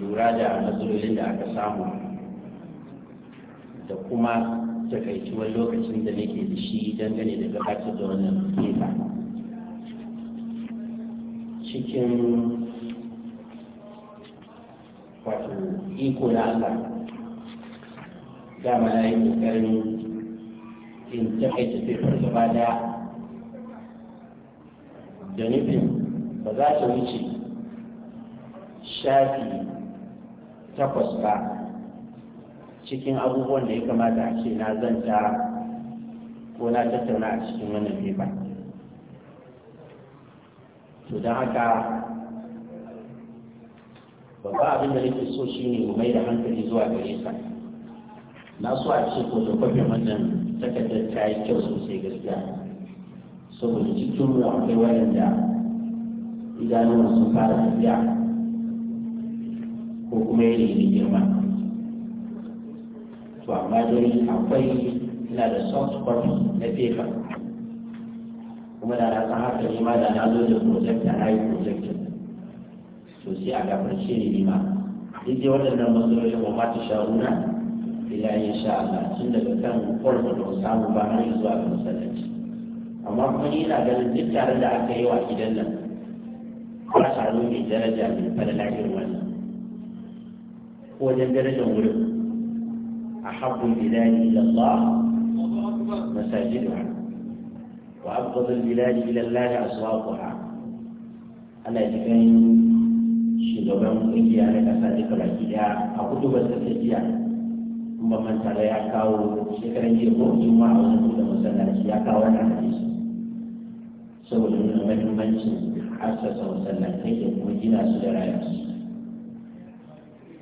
lura da matsalolin da aka samu da kuma takaituwar lokacin da nake da shi dangane da gabatar da wannan kisa cikin wato iko na Allah dama na yi kokarin in takaita fefar gaba daya da nufin ba za ta wuce shafi takwas ba cikin abubuwan da ya kamata a ce na zanta ko na tattauna a cikin wannan fefa to don haka babba abin da nake so shi ne mai da hankali zuwa gare ka na so a ce ko da wannan takardar ta yi kyau sosai gaskiya saboda cikin ruwa akwai wadanda idanuwan sun fara tafiya ko kuma ya yin girma to amma dai akwai ina da soft spot na paper kuma da na san haka ne ma da na zo da project da na yi project to sai a gafarce ne ma duk dai waɗannan matsalolin ba ma ta sha'una ila insha Allah tun daga kan farko da samu ba har zuwa ga masallaci amma kuma ni ina ganin duk tare da aka yi wa gidan nan ba taro mai daraja mai fadala irin wannan ko wajen darajar wurin a habbul bilali ila Allah masajiduha wa abghadul bilali ila Allah aswaquha ana cikin shugaban ƙungiya na ƙasa duka baki daya a kudu ba ta tafiya in ba manta da ya kawo shekaran jiya ko juma'a wajen buɗe masallaci ya kawo wani hadisi saboda nuna mahimmancin hassasa masallatai da kuma gina su da rayuwarsu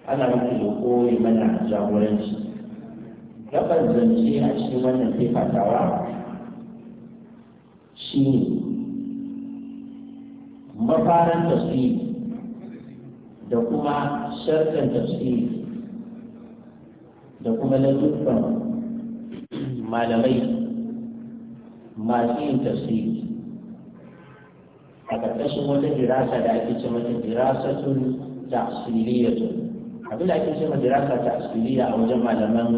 ana miki da ya mana jagoranci gaban zance a cikin wannan ke fatawa shi ne mafaran da kuma sharkan tafsiri da kuma lalufan malamai masu yin a ƙarƙashin wata dirasa da ake ce tun dirasatun tafsiriyatun abin da ake ce ma dirasa ta asiriya a wajen malaman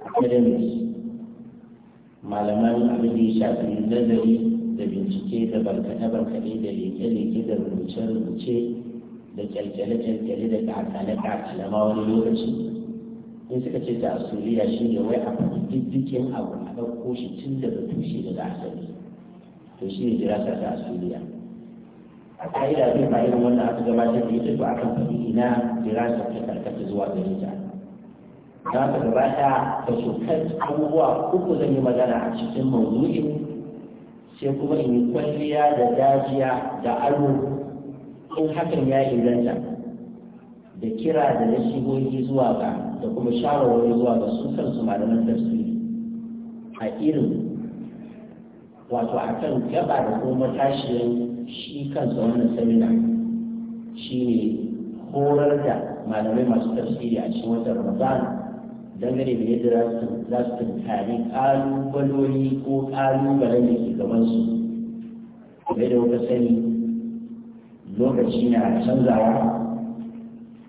academics malaman abin da ya shafi nazari da bincike da barkaɗe-barkaɗe da leke-leke da rubuce-rubuce da kyalkyale-kyalkyale da kakale-kakale ma wani lokaci in suka ce ta asiriya shi ne wai a faɗi diddikin abu a ɗauko shi tun daga tushe daga asali to shi ne dirasa ta asiriya Akwai ka'ida zai ba irin wannan aka gabatar da ita akan faɗi ina dirasa ta karkata zuwa da ta za ka gabata da sokar abubuwa uku zan yi magana a cikin mawuyin sai kuma in yi kwalliya da dajiya da aro in hakan ya inganta da kira da na shigogi zuwa ga da kuma shawarwari zuwa ga su kansu malaman tafsiri a irin wato a kan gaba da kuma tashiyar shi kansa wannan seminar shi ne horar da malamai masu tafsiri a cikin watan ramadan dangane da yadda za su tunkari kalubaloli ko kalubalen da ke su, kuma da kuka sani lokaci na canzawa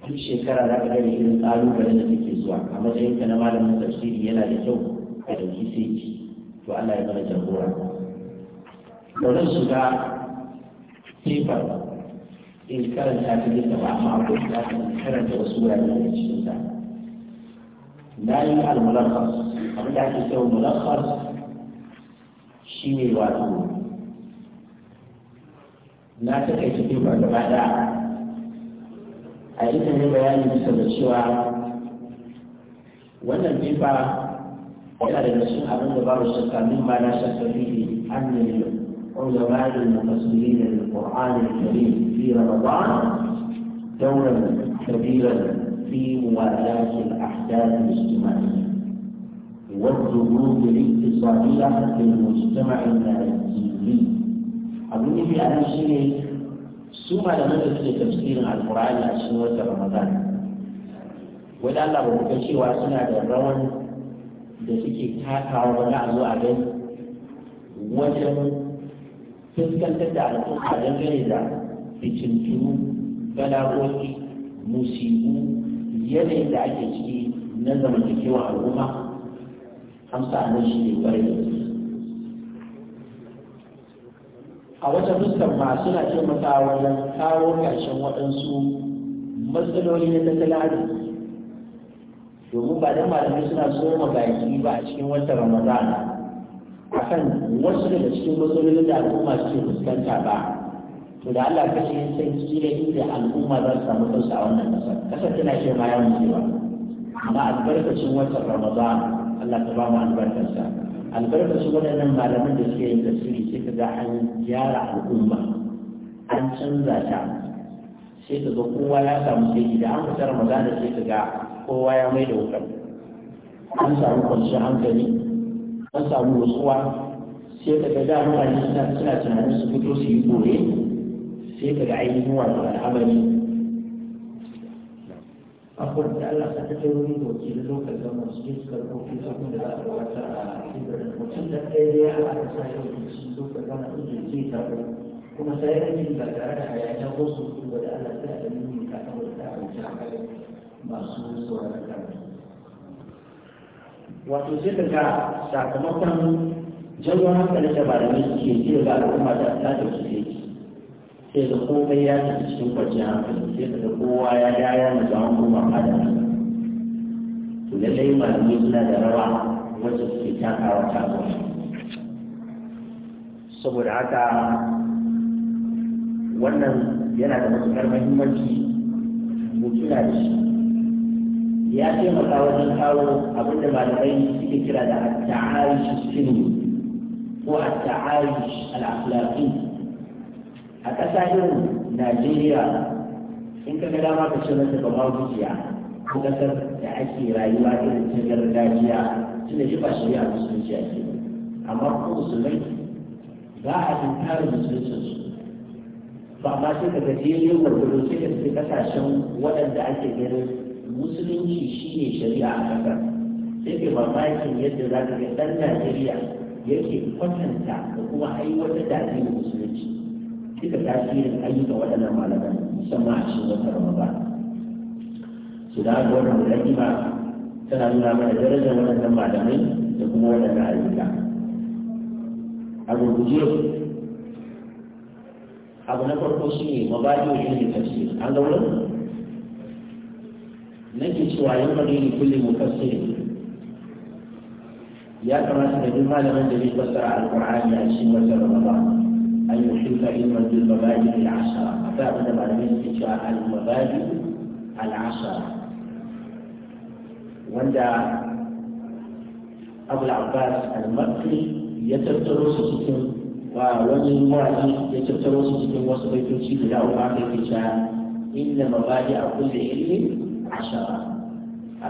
duk shekara za ka gane irin kalubalen da take zuwa a matsayinka na malamin tafsiri yana da kyau ka ɗauki sai to Allah ya mana jagora. Bari su ga sifar in karanta ta duka ba amma akwai ta karanta wasu wurare da cikin ta na yi al-mulakhas abin da ake cewa mulakhas shine wato na ta kai ta sifar gaba da a ita ne bayani bisa da cewa wannan fifa yana da cikin abin da babu shakka min ma na shakka fiye an ne علماء المفسرين للقرآن الكريم في رمضان دورا كبيرا في موالاة الأحداث الاجتماعية والظروف الاقتصادية في المجتمع المالكي أظن في هذا الشيء سوما لم تكن تفسير عن القرآن لأسنوة رمضان ولعل الله بمكشي وأسنع الروان da suke takawa wani a zo a gani wajen fuskantar da al'umma gane da fitintunu balagoli musibu yanayin da ake ciki na zamantakewa al'umma amsa nan shi ne kwarai da a wata fuskar ma suna taimakawa wajen kawo ƙarshen waɗansu matsaloli na tattalin domin ba don malamai suna so baki ba a cikin wata ramadana akan wasu daga cikin matsalolin da al'umma suke fuskanta ba to da Allah kashe yin san kila inda al'umma za su samu kansu a wannan kasar kasar tana ce ma yawon cewa amma albarkacin watan ramadan Allah ta ba mu albarkarsa albarkacin waɗannan malaman da suke yin tasiri sai ka ga an gyara al'umma an canza ta sai ka ga kowa ya samu sai da an fita ramadan sai ka ga kowa ya mai da wutar an samu kwanciyar hankali an samu nutsuwa sai daga ga dama ne suna suna tunanin su fito su yi gore sai daga ainihin wato al'amari akwai da Allah ta tafi wani doki da lokacin da masu yi suka rubuta abin da za a gabatar a cikin mutum da ɗaya ya haɗa sa yau da shi zo ka gama inda zai taro kuma sai ya rage ba tare da hayaniya ko su da Allah ta da nuni ka kawai ta a masu sauraron karatu wato sai ka ga sakamakon jawo hankalin da malamai suke ke da al'umma da ta da su yake sai da komai ya tafi cikin kwanciyar hankali sai ka ga kowa ya ga ya na zaman kuma fada to lallai malamai suna da rawa wacce suke takawa ta saboda haka wannan yana da matuƙar muhimmanci mu da shi ya taimaka wajen kawo abin da malamai suke kira da at-ta'ayush sinu ko at-ta'ayush al-akhlaqi a ƙasa irin Najeriya in ka ga dama ka ce mata ba mabuciya ko ƙasar da ake rayuwa irin ta gargajiya tunda shi ba shari'a musulunci ake amma ko musulmai ba a tuntar musuluncinsu ba ma sai ka gajiyar yin gwargwado sai ka kasashen waɗanda ake ganin musulunci shi ne shari'a a ƙasar. sai ke mamakin yadda za ka ga ɗan najeriya yake kwatanta da kuma aiwatar da addinin musulunci duka tasirin ayyuka waɗannan malaman musamman a cikin wata ramadan su da haka wannan mulalima tana nuna mana darajar waɗannan malamai da kuma waɗannan ayyuka a gurguje abu na farko shi ne mabaɗi wa yin tafsir an ga wurin nake cewa yan bari ne kulle mufassiri ya kamata da duk malamin da zai fassara alqur'ani a cikin wata ramadan an yuhita ilman bil mabadi al ashara akwai abin da malamai suke cewa al mabadi al ashara wanda abul abbas al makki ya tattaro su cikin wa wani mawaƙi ya tattaro su cikin wasu baitoci guda uku aka yake cewa inna mabadi a kulle ilmin عشرة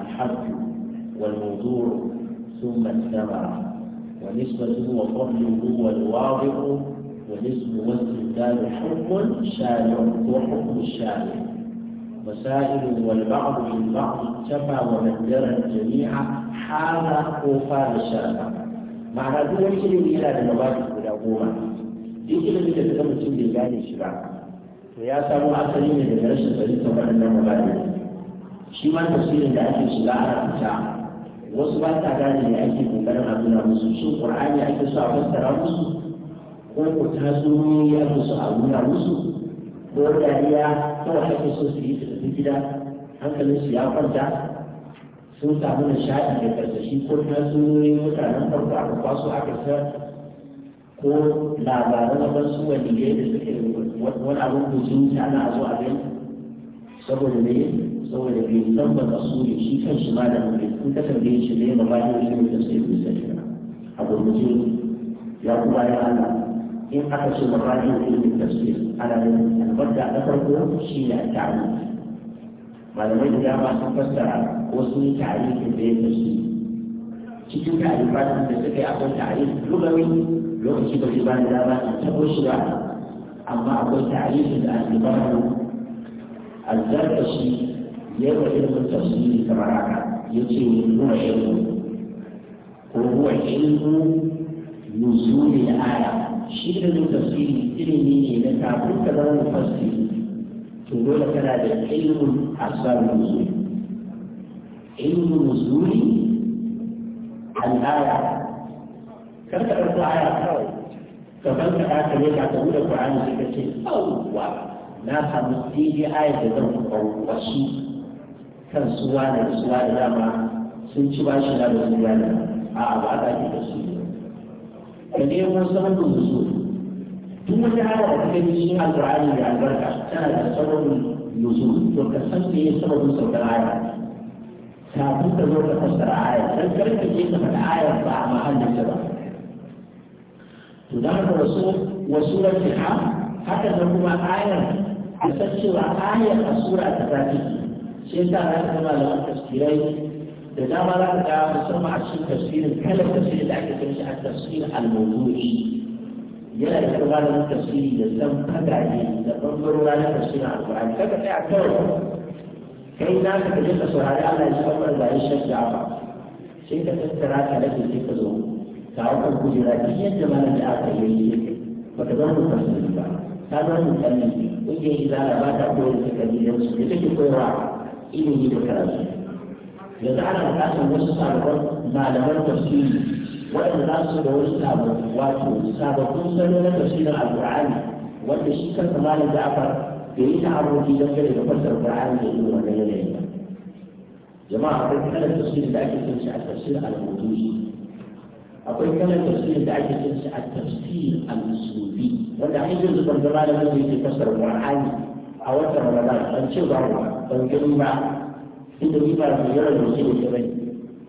الحرف والموضوع ثم الثمرة ونسبته وفضله الواضع والاسم والسلطان حكم شارع وحكم الشارع وسائل والبعض بعض اجتمع وبدر الجميع حال وفاء الشارع معنى دون كلمة إلى المبادئ والعقوبة دي كلمة تتكلم تشوف اللي قاعد ويا سامو عسلين من الرشد اللي تبقى لنا shi ma tafsirin da ake shiga a rubuta wasu ba ta gane ne ake kokarin a nuna musu shin qur'ani ake so a fassara musu ko ko ya ake musu a nuna musu ko dariya ko ake so su yi su tafi gida hankalin su ya kwanta sun samu nishaɗi da karsashi ko yi mutanen farko aka kwaso aka sa ko labaran su wani da suke wani abin kujin ana zo a gani saboda ne saboda bai san ba kasuri shi kan shi ma da mutum kun ka tambaye shi ne ba bayan shi ne da sai ku sai ba a gurguje ya ku bayan Allah in aka ce mafaɗin ilimin tafsir ana yin albarka na farko shi ne ta'aru malamai da dama sun fassara wasu tarihin da ya tafi cikin tarihin da suka yi akwai tarihin lugawi lokaci ba shi ba da dama in tabo shi ba amma akwai tarihin da albaru الزركشي يوم علم التفسير كما رأى يتي هو علم وهو علم نزول الآية شيء من التفسير إلمي لك عبد كذا مفسر تقول لك هذا علم أسباب النزول علم نزول الآية كم تقرأ الآية كوي كمان كذا كذا تقول القرآن كذا أو واو ناس مسجد آية تقول وسوء kan suwa da suwa da dama sun ci bashi na da suwa da a ba ta ki da su ka nemo sabon da su duk wani hada da kake da shi alƙur'ani da albarka tana da sabon nuzul to ka san me ya sabon saukar aya kafin ka zo ka fassara aya dan karka je ka faɗa aya ba a mahallin ba to da ka wasu wasu ha, haka da kuma ayar a san cewa ayar a sura ta zafi shi yasa na ta malaman tafsirai da dama za ka ga musamman a cikin tafsirin kalar tafsirin da ake kai shi a tafsirin al-mawdu'i yana da kuma malamin tafsiri da san fagage da bangarora na tafsirin al-qur'ani kaga kai a kawai kai na ka kaje ka saurari Allah ya san wanda ya shadda ba sai ka tattara ka rage sai ka zo ka hau kujera duk yadda malamin da aka yi ba ka zama tafsiri ba ta zama tafsiri ƙungiyar izala ba ta koyar da kabilansu da take koyarwa ilimi da karatu yanzu ana bukatar wasu sabon malaman tafsiri waɗanda za su da wasu sabon wato sababbin salo na tafsirin alƙur'ani wanda shi kansa malam ja'far da yi ta'arruki dangane da fassar alƙur'ani da irin wannan yanayin ba jama'a akwai kalar tafsirin da ake cin shi a tafsirin al-mudusi akwai kalar tafsirin da ake cin shi a tafsirin al-usubi wanda an yi zuban zama da wanda yake fassara qur'ani a watan ramadan an ce ba ban gani ba inda ni ba mai yawan yake da tsirai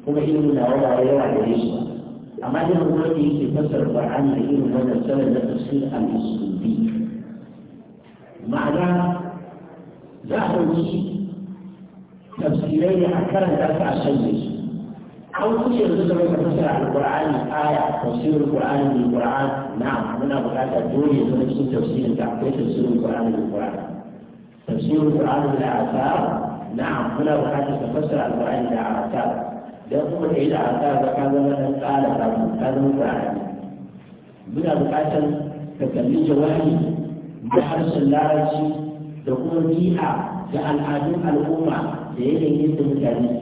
kuma ilimin da wani ba yawa da shi ba amma irin wanda yake fasar qur'ani da irin wannan sanar da tafsir al-usubi ma'ana za a ɗauki tafsirai ne a karanta ta a sanya su an kuce da suka rika fasara alƙur'ani aya tafsirin qur'ani ne qur'an na muna buƙatar dole ya zama cikin tafsirin ta akwai tafsirin qur'ani ne qur'an تفسير القرآن إلى آثار نعم هنا وحديث تفسر القرآن إلى آثار يقول إلى آثار فكان مثلا قال هذا هو القرآن من القاسم تكلم جواهي بحرص اللارجي تكون بيئة كالعادم الأمة لأن يد مكانيك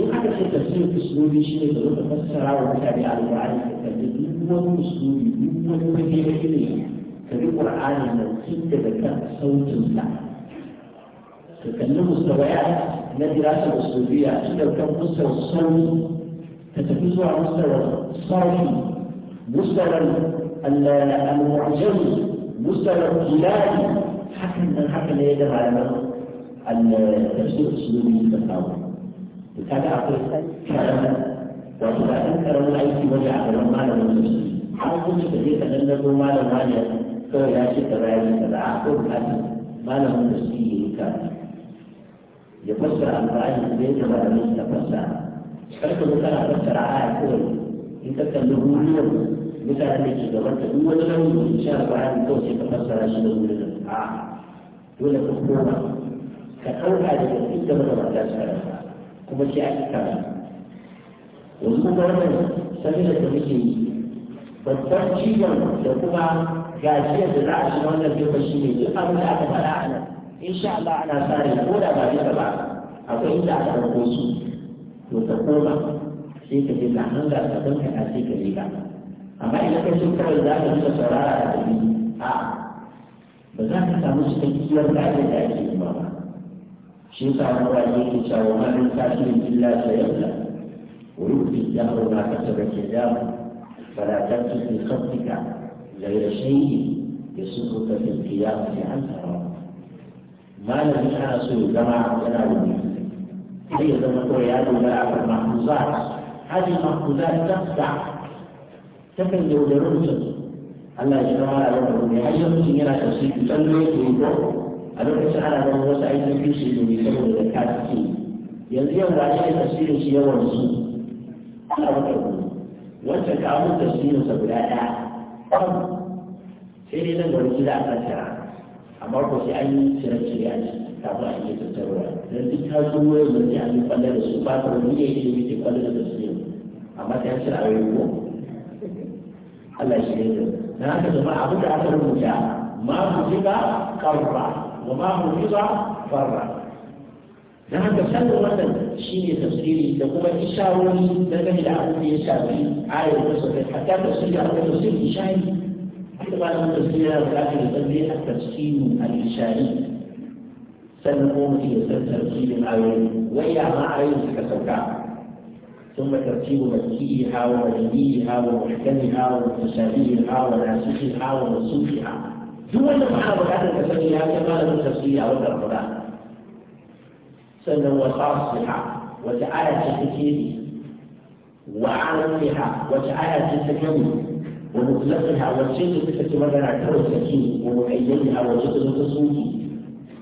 إن هذا في تفسير أسلوبي شيء تفسر وتابع القرآن الكريم هو أسلوبي هو المكان القرآن قرآن نسيت ذكر صوت الله فكان مستويات الدراسة الأسلوبية لو كان مستوى الصوت تتفوز على مستوى الصوت مستوى المعجم مستوى الكلابي حكم من حكم يدل على التفسير الأسلوبي للتفاوض وكان أقول كلاما وإذا أنكر الأيدي وجع على المال والمسلمين حاولت كنت كثير أن نقول مالا ماليا kawai ya ce kaza ya ce kaza a ko bukatar malamin da su yi ka ya fassara alƙur'ani da ya malamin da fassara karka zo kana fassara aya kawai in ka kalli huliyar mutane da ke gaban ta duk wani launi in sha alƙur'ani kawai sai ka fassara shi da huliyar a dole ka koma ka ɗauka daga inda da suka rasa kuma sai ake karatu yanzu kuma wannan sanin da muke yi babban cibiyar da kuma ga jiya da za a shi wannan duka shi ne duk abin da aka faɗa a nan insha Allah ana sa rai ko da ba duka ba akwai inda aka ɗauko su to ta koma sai ka je na hanga ka ɗauka ka sai ka riga amma idan ka so kawai za ka duka saurara da ɗari a ba za ka samu cikakkiyar gane da ake yi ba shi yasa wani wani yake cewa wani tasirin illa sai yabla ويؤتي الدهر ما كسبت يداه فلا تمسك بخطك غير شيء يسبك في القيام عنها ما لم يحاسوا كما اعطينا بالنسبه ايضا نقول يا ابو بلاغ المحفوظات هذه المحفوظات تخدع تكن لو درست ألا يجمع على ربهم يحيو من جنة تسيب تنوي تنبو ألو يسعى على ربهم وسعيد في سيد من سبب الكاتفين يلزيو راجعي تسير سيوى رسول ألا ربهم وانت كعبو تسير سبب الأداء sai dai nan wani za a kanta amma ko sai an yi cire-cire a ciki kafin a iya tattarwa don duk ta zo wani ne a yi kwallo da su ba ta wani ya yi mutum kwallo da su yau amma ta cire a yau ko Allah shi ne na haka zama abin da aka rubuta ma mu ji ba karfa wa ma mu ji ba farra don haka sanin wannan shi ne tafsiri da kuma ishawari dangane da abin da ya shafi ayar da sauran hatta da su da abin da su ishari haka ba da tafsiri da za ka yi tsalle a tafsirin al-ishari sannan kuma mutum ya san tafsirin ayoyi wai ya ma ayoyi suka sauka ثم ترتيب مكيها ومدنيها ومحكمها ومتشابهها وناسخها ومنسوخها دون ما حاول هذا التسميه كما لم تسميه او القران سنه وتعالى وتعالت بكثير وعالمها وتعالى تتكلم ومطلقها وتجد صفة مثلا ترى السكين ومعينها في التصويت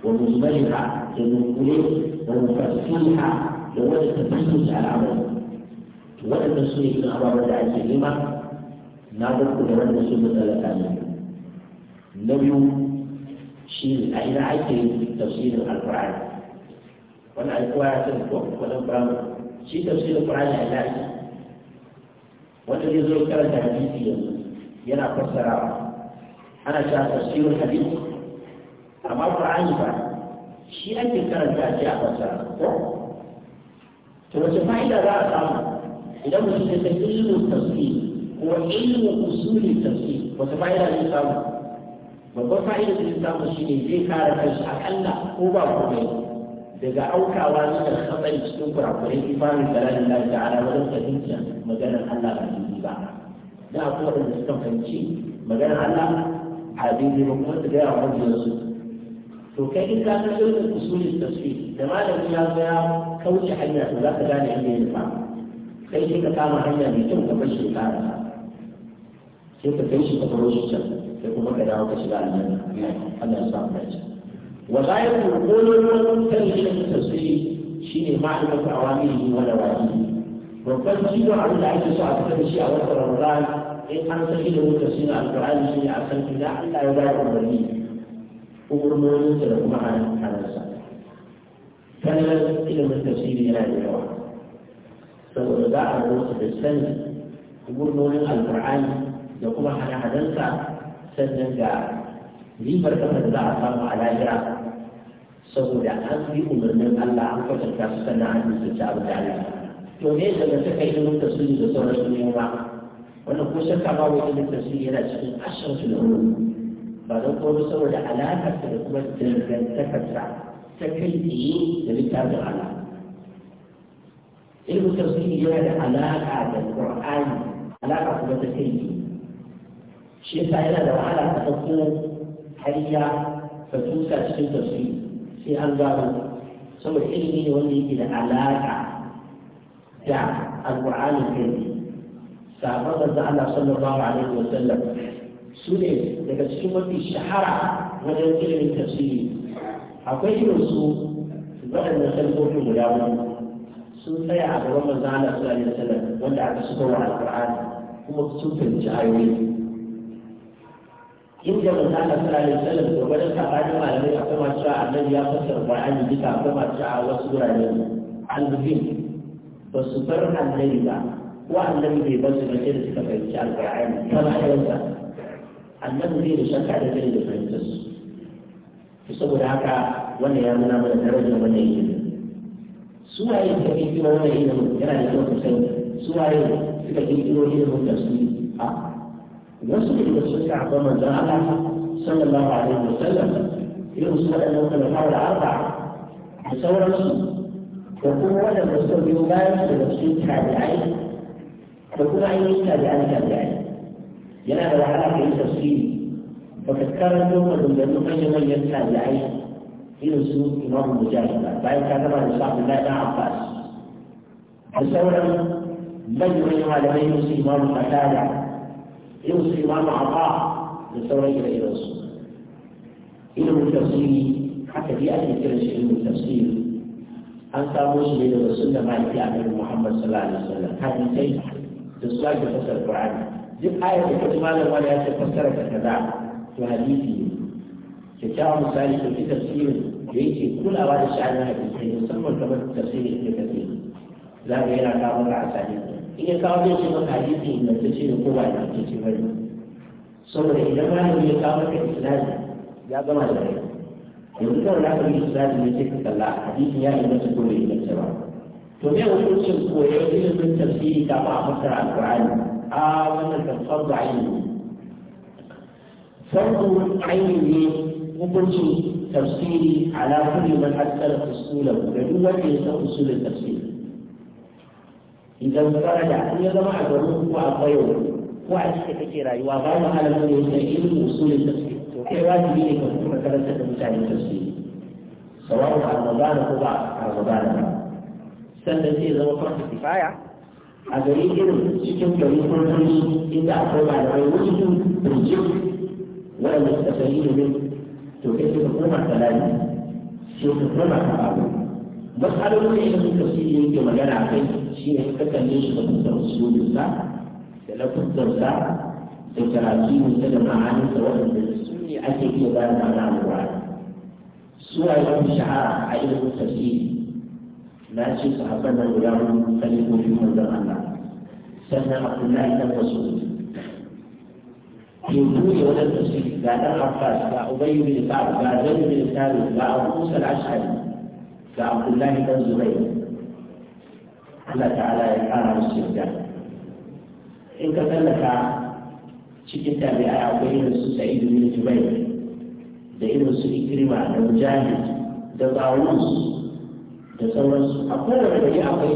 ومجملها ومقلب ومفسرها وولد تبسط على عمل ولد تصويت من أمام الله عز وجل ما نعرف كل من نسوم ثلاثة منهم نبي شيل أين عيش تفسير القرآن Wani alkuwa ya san ko wannan bamu shi da kurani a yaki wanda zai zo karanta hadisi yanzu yana fassara ana cewa tafsirin hadisi amma kurani ba shi ake karanta shi a fassara ko to wace fa'ida za a samu idan mutum ya san ilmin tafsiri ko ilmin usulin tafsiri wace fa'ida zai samu babban fa'ida zai samu shi ne zai kare kanshi akalla ko ba komai daga aukawa ne da hatsari cikin kurakurai imanin da ranar da ta'ala wajen fahimta maganar Allah ba daidai ba da akwai waɗanda suka fahimci maganar Allah a daidai ba kuma su gaya wa su to kai in ka san irin usulin tafsir da malami ya ga kauce hanya to za ka gane inda ya ba, kai shi ka kama hanya mai kyau ka bashi ka sai ka kai shi ka baro shi can sai kuma ka dawo ka shiga aljanna Allah ya sa mu dace وغاية القول تلك التسليم شيء معرفة أوامره ونواهيه وقد جئت عن الله يسوع تمشي على وتر رمضان إن كان سكين متسين على القرآن شيء أحسن في الله حتى يبارك أمري أمر مولى سلف معا على السلف كان إلى متسين إلى اليوم فوضع الروس في السن أمر مولى القرآن يقوم على حدثة سنة جاء لي بركة الله على جاء saboda an yi umarnin Allah an kwatanta su sana an yi su abu da Allah to ne da da suka yi mun tasiri da sauran su ne ba wannan ko shakka ba wai ilimin tasiri yana cikin ashan su da wuri ba don komai saboda alaƙar da kuma dangantakarsa ta kai tsaye da littafin Allah ilimin tasiri yana da alaƙa da Qur'ani alaƙa kuma ta kai shi yasa yana da wahala ta ɗauko hariya ka tusa cikin tasiri sai an gano saboda ilimi ne wanda yake da alaƙa da alƙur'anin kai sabon manzo na sallallahu alaihi wa sallam su ne daga cikin mafi shahara wajen ilimin tafsiri akwai irin su waɗannan sarkokin guda uku sun tsaya a gaban manzo Allah sallallahu alaihi wa sallam wanda aka shigo wa alƙur'ani kuma sun fahimci ayoyi inda manzo Allah sallallahu alaihi wasallam da wani sabanin malamai akwai masu cewa annabi ya fassar Qur'ani duka akwai masu cewa wasu gurare al-mubin ba su bar annabi ba ko annabi bai bar su ba da suka fahimci al-Qur'ani ta ma'aikata annabi bai da shakka da kai da fahimtar su saboda haka wannan ya nuna mana darajar wannan ilimi su waye suka kirkiro wannan ilimin yana da kyau ku sani su waye suka kirkiro ilimin da su a يصدق بالسنة كما جاءها صلى الله عليه وسلم يوصل إلى الخلفاء الأربعة بصورة يكون ولا مستوى باس بنفسه تابعين يكون عينه تابعان تابعين ينال العلاقة في تفسير وقد كان يوم من يوم من التابعين يوسف إمام مجاهد بعد كان من صاحب الله بن عباس بصورة بل من يوم على من يوسف إمام قتادة يوصي ما أعطاه للثورة إلى يوصي الى التفسير حتى في أهل الكرش علم التفسير أن تاموس إلى السنة ما في عمل محمد صلى الله عليه وسلم هذه شيء تسواج فسر القرآن جب آية كتمالا ولا تفسر كذا وحديثي كتاب مثالي في تفسير يأتي كل أوائل شعر هذه الشيء يسمى كمان ابن كثير لا غير على مرة iya kawo zai ce maka hadisi ingantacce da ko ba ce ba ne saboda idan ne ya kawo maka islami ya gama da rai yanzu kan na kan islami ne sai ka kalla hadisi ya inganta ko mai inganta ba to me wani hukuncin koyon ilimin tafsiri ba a fassara alqur'ani a wannan kan ne. ainihi fardu ainihi hukuncin tafsiri ala kulli man hasara usulahu da duk wanda ya san usulul tafsiri إذا مسألة أن يجمع الروح والطيور وعشتي وغير على من أيوة، يستجيب وصول التفسير وكيف يجب أن يكون مثلا تتمكن من التفسير سواء على المدار قضاء على المدار سنتي إذا وفرت الكفاية أدري إن شكم كريم كريم إذا أقوم على غيره بالجوء ولا يستفيد منه تكتب قومة ثلاثة شكم قومة ثلاثة matsalolin da muka fi yake magana a kai shi ne ka kalle shi da fuskar usulunsa da lafuzarsa da karatunsa da ma'aninsa waɗanda su ne ake iya ba da ma'ana alƙur'ani suwa ya fi shahara a ilimin tafsiri na ce su haɓar da guda mun kalmomin manzon Allah sannan Abdullahi dan Mas'ud yanzu ne wajen tafsiri ga ɗan Abbas ga Ubayyu bin Ka'ab ga Zaid bin Thabit ga Abu Musa al-Ash'ari ga abdullahi dan zubai Allah ta'ala ya kara musu yarda in ka tsallaka cikin tabi'a akwai irin su sa'idu bin jubair da irin su ikrima da mujahid da zawus da sauransu akwai da gari akwai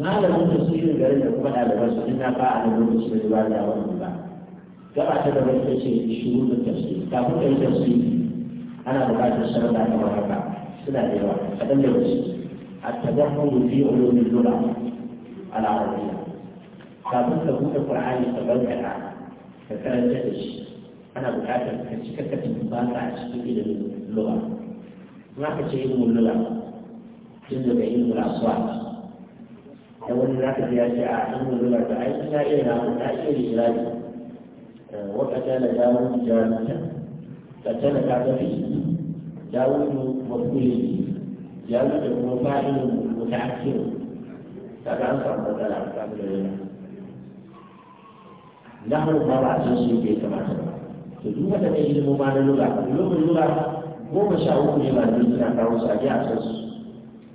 malamin da su irin garin da kuma ɗaliban su ina ba a nan lokaci da ba da wani ba gaba ta gaba ita ce shuru da tafsir kafin ka yi tafsir ana buƙatar sharuɗa ta haka suna da yawa kaɗan da wasu a tadahun fi ulumin lura al'arabiyya kafin ka buɗe qur'ani ka barkata ka karanta da shi ana buƙatar ka cika ka tumbata a cikin ilimin lura in aka ce ilimin lura tun daga ilimin rasuwa da wani za ka ya ce a ilimin lura da aiki na iya ramu na iya rirari wakata da damar jarumta da tana ta tafi داود مفعول داود مفاعل متعكر هذا أنصر هذا الحمد له نحن نضع تنسيب كما سبق تدوم تنهي المبان اللغة علوم اللغة هو مشاعور لما نريدنا كروسا جاسس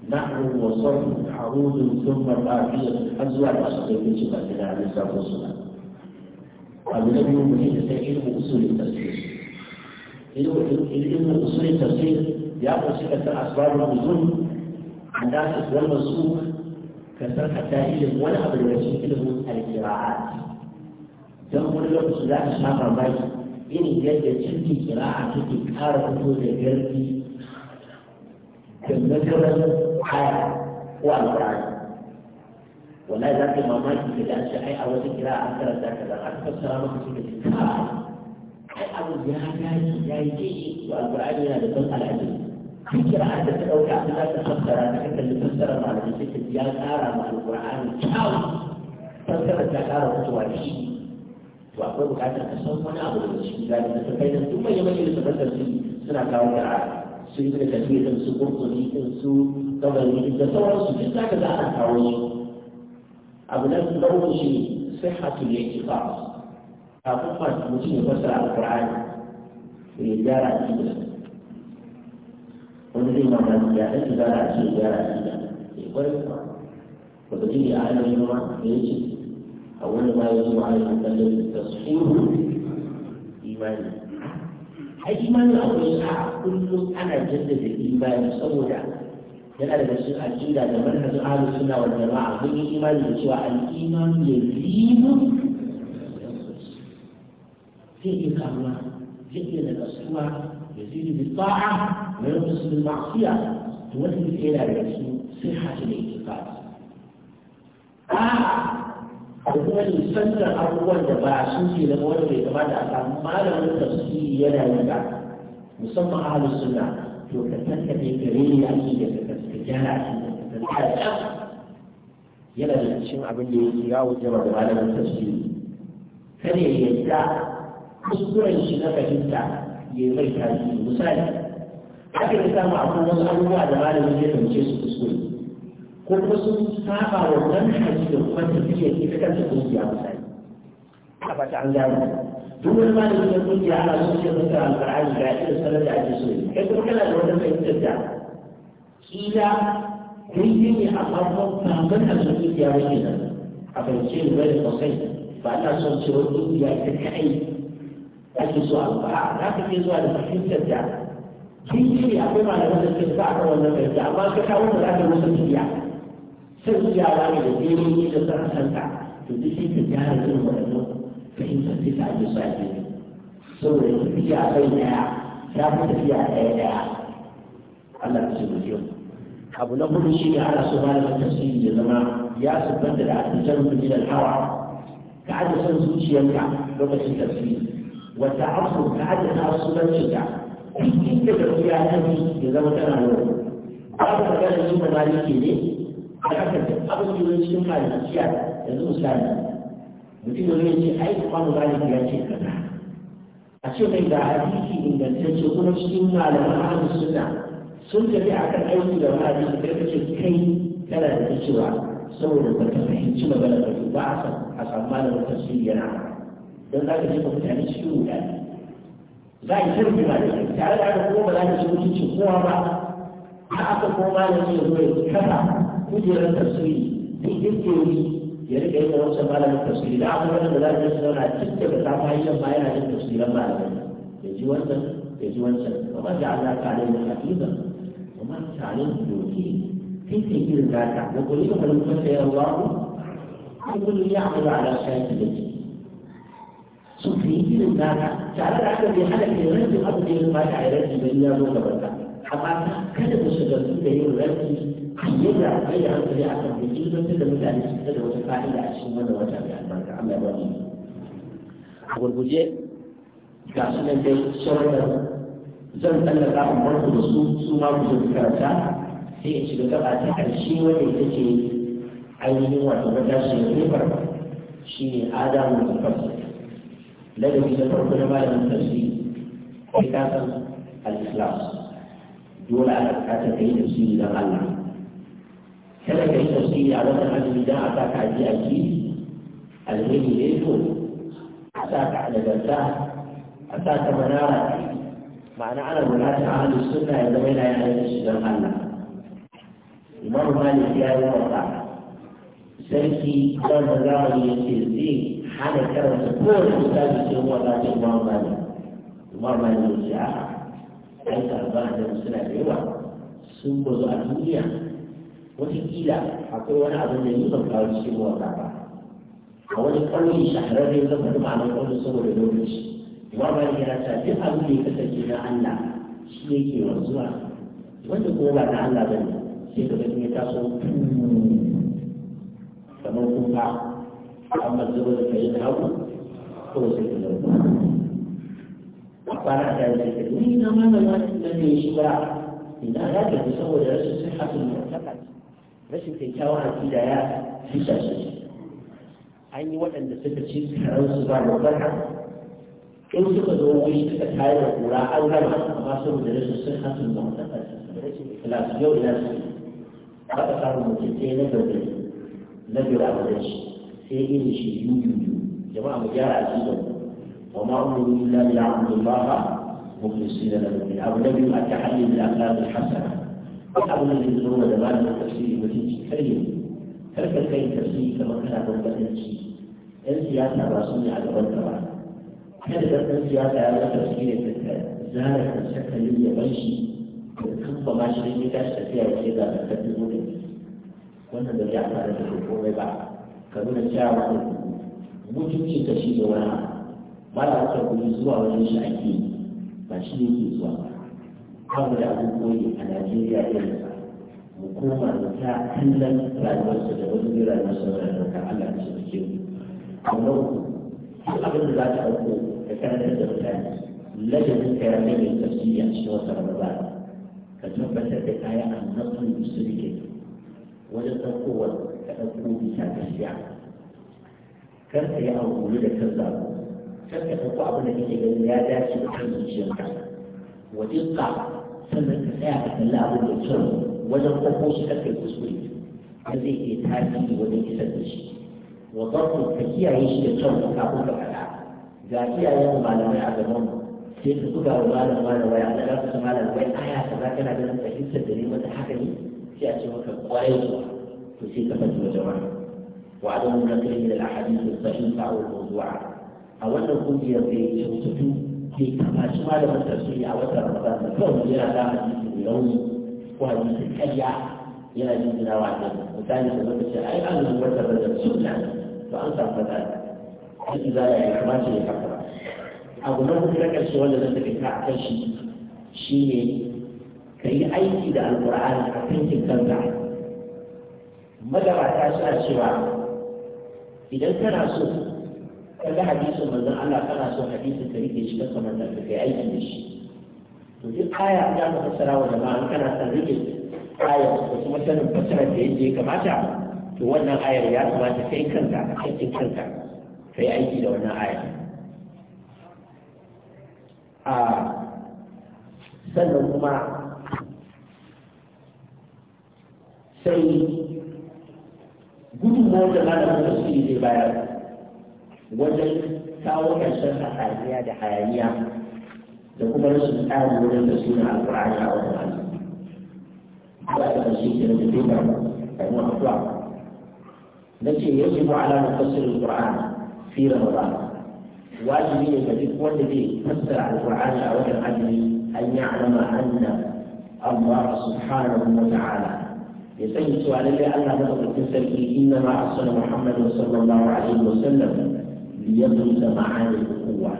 نحن وصف عروض ثم باقية أزواج أصدقاء في شبكة على الصلاة والسلام أبو نبي المهيد تجد أصول التسليم ilimin usulin tafsir ya kunshi kasar asbabul nuzul andasis wal masuk kasar hatta ilim wani abu da cikin ilimin al-qira'at dan wani lokaci za ka sha mamaki irin yadda cikin kira'a take kara fito da garbi da nazarar haya ko al-qur'ani wallahi za ka mamaki da dace ai a wata kira'a an karanta kaza an fassara maka cikin kira'a abu ya gani ya yi kishi wa alƙur'ani yana da ban al'adu duk kira'ar da ta ɗauka ta za ta fassara ta kan kalli fassara malamai sai ta ya ƙara ma alƙur'ani kyau fassara ta ƙara mutuwa shi to akwai buƙatar ka san wani abu da shi da ta kai da duk manyan manyan da ta suna kawo ƙira'a su yi da kafirin su kurkuri din su kabari da sauransu duk za ka za a kawo su abu na ɗauko shi sai hatu ya ƙi ba kafin masu mutum ya fassara alƙur'ani to ya gyara a cikin wani zai mamaki ya ɗan gyara a cikin gyara a cikin ya bari kuma ba ka ji a hannun ma da ya ce a wani ma ya zuwa hannun kallon da tsoro imani ai imani akwai a kullum ana jaddada imani saboda yana daga cikin aƙida da manhajin ahlus sunna wal jama'a mun yi imani da cewa al-imanu yazidu فيه كرم فيه الأسبوع يزيد بالطاعة وينقص بالمعصية تؤدي إلى صحة الاعتقاد آه، أول سنة أول دفاع سنتي لأول دفاع دفاع ما لم تصدي يلا يلا مصمع أهل السنة يتكتك في كريم يعني يتكتك جهلا يلا يلا شمع بني يتكاو جمع ما لم تصدي كريم يتكتك kuskuren shi na fahimta ya yi mai tafi misali aka da samu akwai wasu abubuwa da malamin ya fahimce su kuskure ko kuma sun saba wa manhaji da kuma tafiyar ita kanta kungiya misali a ta an gano duk wani malamin da kungiya ana so ya zanta alƙur'ani ga irin sanar da ake so ya kuma kana da wata fahimtar da kila yi ne a farkon kamar a kungiya ba ke nan a fahimce ni bai da kwasai ba ta son cewa ya ta kai ake so a faɗa na ka ke zuwa da fahimtar da sun shirya akwai malaman da suke sa kan wannan fahimta amma ka kawo da za ka musu shirya sai su yara ne da ɗaya da san santa to duk shi ka gyara irin waɗannan fahimtar da ta ake so a ke saboda tafiya bai ɗaya ya fi tafiya ɗaya ɗaya Allah ya ce mu yau abu na hudu shi ne ana so malamin tafsiri ya zama ya siffanta da alfitar mutum hawa ka ajiye son zuciyarka lokacin tafsiri wata afu ka adana sunan ka cikin da gaskiya ya tafi ya zama tana yau babu magana yin da maliki ne da aka duk abin da cikin malikiya yanzu misali mutum da zai ce ai kuma maliki ya ce kaza a ce mai da hadisi ingantacce kuma cikin malaman ahlus sunna sun tafi akan aiki da maliki da kace kai kana da ta cewa saboda ba ta fahimci magana ba ba a san a san malamin tafsiri yana don za ka je ka mutane cikin wuta za a yi shirin jima da kai tare da haka kuma ba za ka ci mutunci kowa ba a aka kuma malami ya zo ya kafa kujerar tafsiri duk duk ya rike yin wancan malamin tafsiri da akwai wanda za a yi sauna duk da ba ta ma yi yamma yana yin tafsiran malamin ya ji wancan ya ji wancan kamar da Allah ta alai da hakiba kamar tare da doki kai ke yin zaka da kullum kalmar da yawa ko kullum ya amala ala shaykh da su su yi naka tare da aka bai hana ke rantsi abu da ya bata a rantsi da ya zo gaban ka amma kada da shiga su da yin rantsi yadda mai da hankali a kan bai ilmantar da mutane su fita da wata fa'ida a cikin wannan wata mai albarka Allah ya ba mu a gurguje ga su nan dai sauran zan tsallaka in barku da su su ma ku zai karanta sai in shiga gaba ta ƙarshe wanda ita ce ainihin wato wata shi ne shi ne adamu da farsa الذي ستأخذ مالا من نفسي كتابا الإخلاص دول على أتكي نفسي إذا قلنا كما كي نفسي على تمام إذا أتاك عدي أجي الهي ليكون أتاك على جلتا أتاك منارة معنى أنا من هذا عهد السنة إذا مينا يعني نفسي إذا غلع المرمى لكي أتاك سيكي كان مدارة يسير فيه ana karanta kowane misali sai ruwa za ta imam mali imam mali ya ce a ai karba nan suna da yawa sun bazu a duniya wataƙila akwai wani abin da yi ban kawo cikin ruwa ba a wani kwallon shahararren zan faɗi ma'anar kwallon saboda lokaci imam mali yana ta duk abin da ya kasance na allah shi ne yake wanzuwa wanda kuma ba na allah ba ne sai ka ga ya taso kamar kuka أما الزبد فيذهب هو سلك الأول وقال على ذلك مين ما لم يشبع إن أراد تزوج رجل صحة المعتقد rashin kyakkyawan aƙida ya fi shi an yi waɗanda suka ci karansu ba da barka in suka zo wani suka tayar da kura an gama amma saboda rashin sun hasu da wadatar rashin ikilasu yau ina su ba ka samu mutum ɗaya na gaba na gaba da shi sai in shi yuyu jama'a mu gyara shi da wa ma umru illa bi amrillah mukhlisina lahu min abu nabi at-tahalli bil akhlaq al-hasana abu nabi zuwa da ba da tafsiri shi kai karka kai tafsiri kamar kana bambanci yan siyasa ba su ne a gaban ka ba kada da ɗan siyasa ya zama tafsiri ne da zara kan saka yin yaban shi da kafa ma shi ne ka tashi tafiya ya ce ka tafi mutunci wannan da ya fara da komai ba ka nuna cewa mutunci ka shi da wani ba da aka guji zuwa wajen shi ake ba shi ne ke zuwa ba kawai da abin koyi a najeriya irin sa mu koma da ta kallon rayuwarsa da wani rayuwarsa da rayuwarsa allah da shi da ke amma duk abin da za ta auko da karantar da mutane ladabin ka ya kai mai tafsiri a cikin wata ramadan ka tabbatar da kayan a nasu musulmi wajen ɗaukowar ka ɗauko bisa gaskiya kar ka yi abu da kan zaɓo kar ka ɗauko abin da kake ganin ya dace da kan zuciyarka wajen ka sannan ka tsaya ka kalli abin da kyau wajen kwakwo shi kar ka yi kuskure har zai iya tasiri wajen isar da shi wa ka kiyaye shi da kyau kafin ka faɗa ga kiyayen malamai a gaban mu sai ka buga wa malam malam waya ana za su malam wai aya kaza kana ganin fahimtar da ne mata haka ne sai a ce maka kwarai zuwa في صفة وجوانب وعدم نقله من الأحاديث الصحيحة أو الموضوعة أو أن كنتي في شوكته في كما شمال من تفسير أو رمضان فهو يرى لا حديث اليوم وحديث الحية يرى جنسنا واحدا وثاني سبب الشيء أي أن المرتبة السنة فأنت فتاة إذا لا يحماش يحفر أبو نوم لك السؤال الذي تكتب شيء شيء كي أي أيدي القرآن حقيقة تنفع ta suna cewa idan kana so ka ga hadisin manzon Allah kana so hadisin ka rike shi kan kamar ka kai aiki da shi to duk aya ta ka fassara wa jama'a kana son rike aya ko kuma sanin fassarar da yake kamata to wannan ayar ya kamata kai kanka aikin kanka kai aiki da wannan ayar a sannan kuma sai gudunmawar da malamin tafsiri zai bayar wajen kawo ƙarshen hatsaniya da hayaniya da kuma rashin tsari wajen tafsirin alƙur'ani a wannan hali ba ta ƙarshe ke da dokar kamun afuwa na ce ya ce ma'ala tafsirin alƙur'ani fi ramadan wajibi ne ga duk wanda zai fassara alƙur'ani a wannan hali an yi alama anna Allah subhanahu wa ta'ala يسأل سؤالك ألا بغض تسأل إنما أرسل محمد صلى الله عليه وسلم ليدرس معاني القوة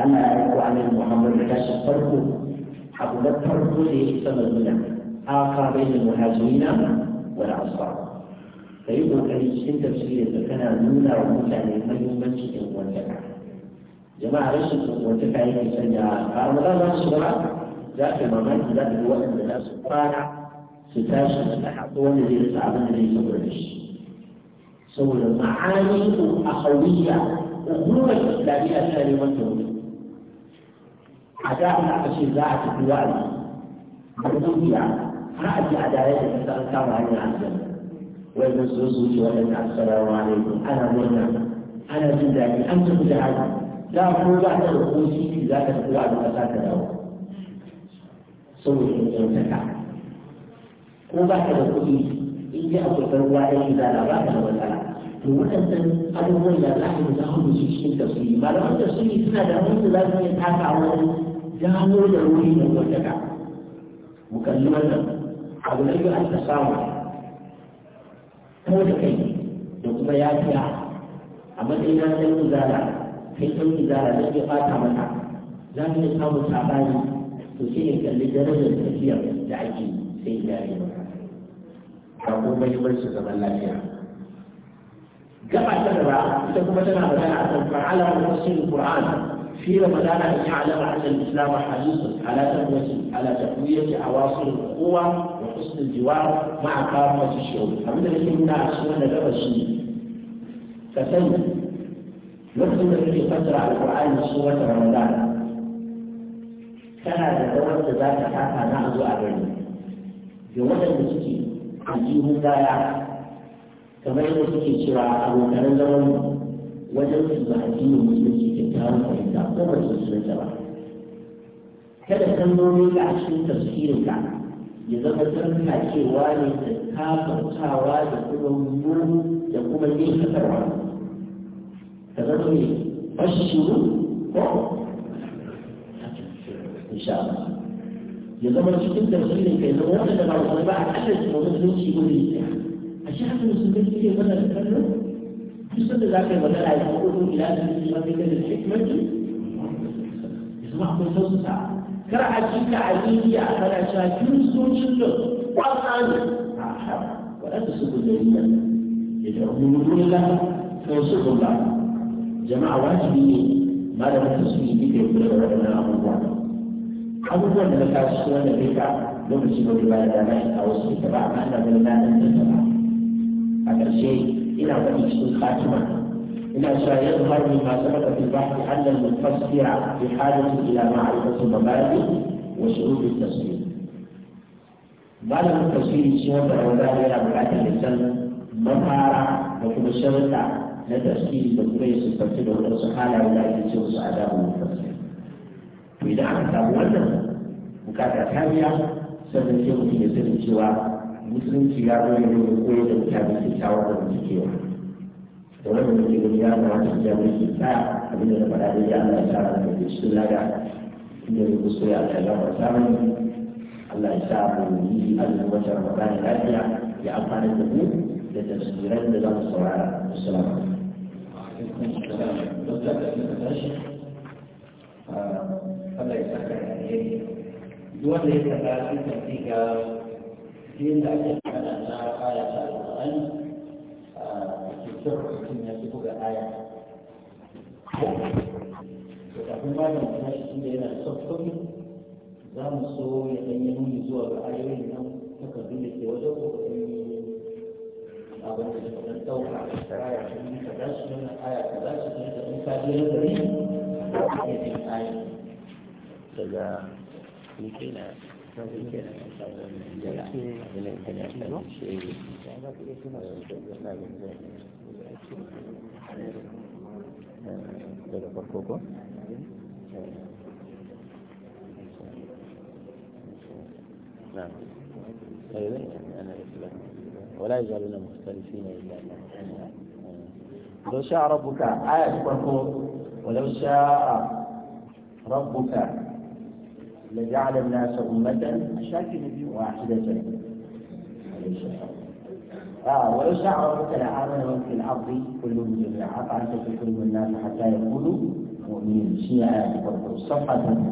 أنا أعرف عن محمد كاش فرق حقبة فرق لإسم المنع آقا بين المهاجرين والأنصار فيبقى كريسين تفسير فكان نونا ومتعني من يمجد وانتفع جماعة رشد وانتفع يسنى رمضان ما شبه ذات مرمان ذات الوقت ذات سفارة ستاشة الأحطون اللي يتعلم اللي يسوريش سوري معاني أخوية أخوة لأي أثاري وانتوني عداه لا تشير ذاعة الدوال مرمية فأدي عداية تتأثر عن العزم ويبن سوزوتي ويبن السلام عليكم أنا مرمى أنا زندان أنتم جهاز لا أقول بعد الخوزي ذاك الدوال فساك دوال saboda yin kyautata ko ba ka da kuɗi in ji a akwai ruwa da shi zana ba ka da matsala to waɗannan abubuwan da za yi mu zamu su cikin tafsiri malaman tafsiri suna da wanda za su yi taka wani gano da wuri da ka. mu kalli wannan abu na yi an ta samu ko da kai da kuma ya yafiya a matsayin na ɗan izala kai ɗan izala zai iya fata mata za mu yi samun sabani to كان لدرجة kalli darajar tafiyar da ake sai ya yi ba komai ya bar su zaman lafiya gaba ta gaba ita kuma في رمضان أن يعلم أن الإسلام حريص على تقوية على تقوية عواصم القوة وحسن الجوار مع كافة الشعوب. فمن الذي هنا أشهر لك الشيء فسن نحن في فترة القرآن سورة رمضان tana da zaman da za ta taka na a zo a gani da waɗanda suke jihun baya kamar yadda suke cewa abokanan zaman wajen su ba jihun musulunci kyakkyawan fahimta ko ba su musulunta ba kada kalmomin ka a cikin tafsirin ka ya zama sarka cewa ne da kafartawa da kuma muru da kuma yin kasarwa ka zama mai shi ko ان شاء الله يا زلمه يقول لك كنت مسلم كذا وانا بعض الاربعة احد موجود يمشي يقول لي اشعر ان سنتين كثير ولا تكلم في سنة ذاك ولا لا يقول لي لازم يجي ما بين يا زلمه من صوت ساعة يا عجيك عجيني اخر اشعر كل سنة شلو وانا ولا تسكت دائما يدعو من دون الله فيوصف الله جماعة واجبين ما لم تسكت بك يقول لك ربنا الله abubuwan da na kasu wanda bai ka lokaci ba ba da dama ya kawo su da ba amma ina ganin na ɗan da ba a ƙarshe ina wani cikin fatima ina cewa yau har ni ma sabaka fi bahri annal mufassira fi hajati ila ma'rifati mabadi wa shurut at-tafsir malamin tafsiri shi wanda wanda yana buƙatar ya san mafara da kuma sharuɗa na tafsiri da kuma ya siffanci da waɗansu halaye da ake ce musu adabu mufassir to idan aka samu wannan bukata ta biya sannan sai mutum ya sani cewa musulunci ya zo ne domin koyar da mutane kyakkyawar da mutum kewa da wannan mutum gani ya zama cikin jami'in ke tsaya abin da na faɗa dai ya Allah ya sa da ke cikin lada inda ya kusa ya ta gama samun Allah ya sa mu yi azumin wata Ramadan lafiya ya amfana da mu da tafsiran da za mu saurara. Assalamu alaikum. Assalamu alaikum. Allah ya saka da yayi duk ya saka ga yin da ake kana na aya ta al a cikin ya ci buga aya to kafin ma da mutum shi inda yana da sauƙi za mu so ya ɗan yi nuni zuwa ga ayoyin nan takardun da ke wajen ƙoƙarin abin da suka ɗan ɗauka ta aya ta yi kaza shi wannan aya kaza shi ta yi ta yi kaza نعم طيب، ولا يزالون مختلفين الا الله لو شاء ربك عاد آية ولو شاء ربك لجعل الناس أمة شاكلة واحدة آه ويسع ربك لآمن من في الأرض كلهم جميعا فأنت تكرم الناس حتى يقولوا مؤمنين شيعا صفحة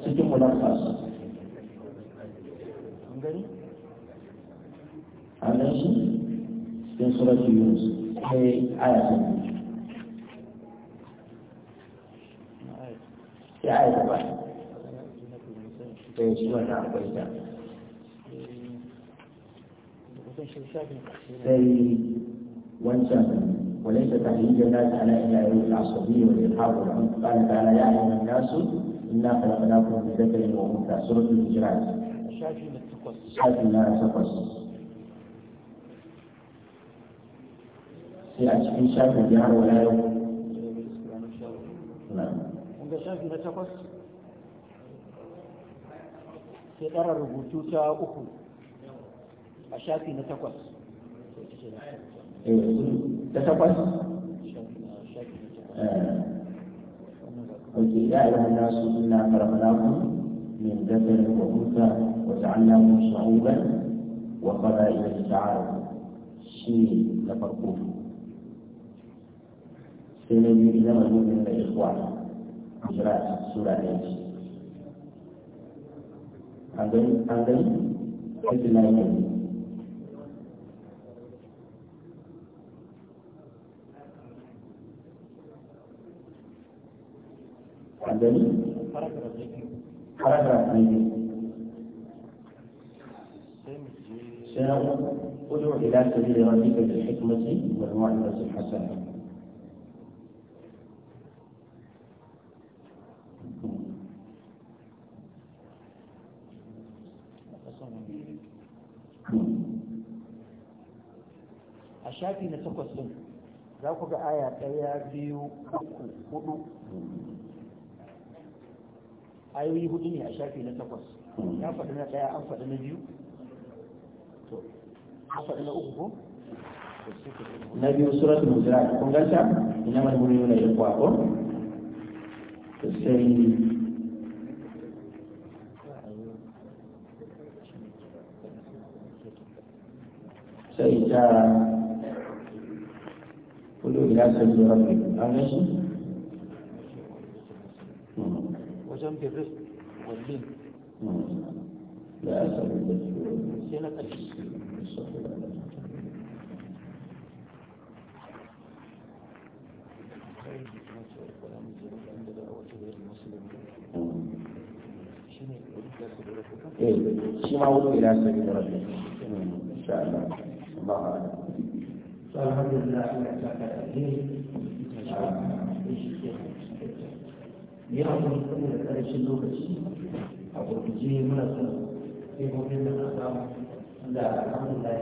ست ملخص هذا شيء في سورة يونس آية. آية في آية واحدة إيه، إيه، وليس تحييد الناس على إلا يعود العصبيه والالحاد والعنف قال تعالى يا ايها الناس انا خلقناكم من ذكر وانثى سوره الهجرات شافي ما تقص في شافي ولا يوم نعم عند شافي ما تقص sai ɗara rubutu ta uku a shafi na takwas eh, ta takwas? shafi na takwas ƙwai ya yi suna farfaraku min dabbar da kuka wata annabu sa'uban wa fara iya sa'ar shi na farko sai na biyu zama zuwa da ikuwa a sura da yanzu عدم عدم إجلاله عدم حركة رجلي حركة رجلي سنقول إلى سبيل ربك بالحكمة والموعظة الحسنة a shafi na takwas ɗin za ku ga aya ɗaya biyu uku hudu ayoyi hudu ne a shafi na takwas ya faɗi na ɗaya an faɗi na biyu to an faɗi na uku ko na biyu suratul mujra kun ganta ina mai wuri ne ya kwako sai sai ta kudu ila sabi rabbi an gashi wajen birri wallin da ya sabi da sai na ƙarshe shi ma wuce ila sabi da rabbi alhamdulillah Allah ya saka ya kuma kuma da ƙarshen lokaci a gurguje muna son sai da na alhamdulillah